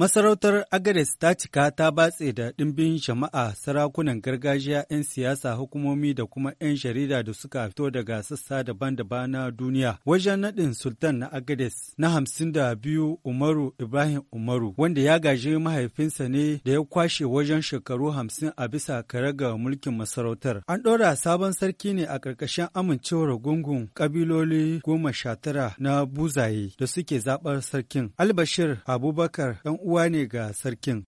Masarautar Agares ta cika ta batse da ɗimbin jama'a sarakunan gargajiya 'yan siyasa hukumomi da kuma 'yan jarida da suka fito daga sassa daban-daban na duniya. Wajen naɗin Sultan na Agares na hamsin da biyu Umaru Ibrahim Umaru wanda ya gaji mahaifinsa ne da ya kwashe wajen shekaru hamsin a bisa kare ga mulkin masarautar. An ɗora sabon sarki ne a ƙarƙashin amincewar gungun ƙabiloli goma sha tara na buzaye da suke zaɓar sarkin. Albashir Abubakar ɗan uwa ne ga sarkin.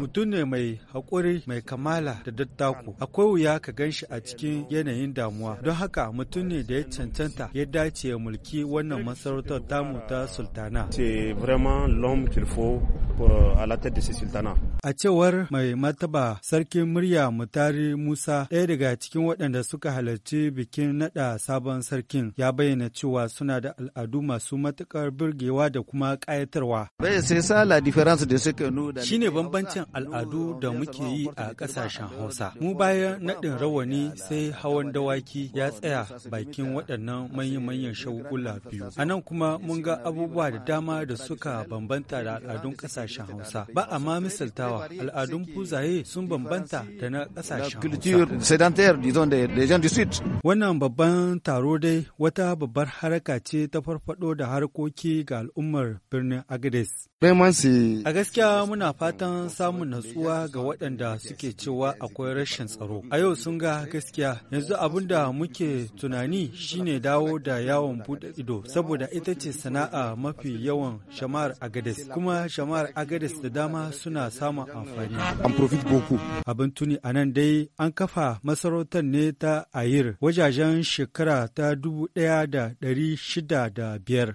Mutum ne mai haƙuri mai kamala da dattako. Akwai wuya ka gan shi a cikin yanayin damuwa. Don haka mutum ne da ya cancanta ya dace ya mulki wannan masarautar tamu ta sultana. C'est vraiment l'homme qu'il pour, euh, la tête de A cewar mai mataba sarkin murya Mutari Musa ɗaya daga cikin waɗanda suka halarci bikin naɗa sabon sarkin ya bayyana cewa suna da al'adu masu matuƙar birgewa da kuma ƙayatarwa. Shi ne bambancin al'adu da muke yi a ƙasashen Hausa. Mu bayan naɗin rawani sai hawan dawaki ya tsaya bakin waɗannan manyan-manyan shagugula biyu. A nan kuma mun ga abubuwa da dama da suka bambanta da al'adun ƙasashen Hausa. Ba a ma misaltawa yawa al'adun fuzaye sun bambanta da na ƙasashen Wannan babban taro dai wata babbar haraka ce ta farfado da harkoki ga al'ummar birnin Agades. A gaskiya muna fatan samun natsuwa ga waɗanda suke cewa akwai rashin tsaro. A yau sun ga gaskiya yanzu abin da muke tunani shine dawo da yawon buɗe ido saboda ita ce sana'a mafi yawan shamar Agades. Kuma shamar Agades da dama suna samun amfani. An profit boku. Abin tuni a nan dai an kafa masarautar ne ta Ayir wajajen shekara ta dubu ɗaya da ɗari shida da biyar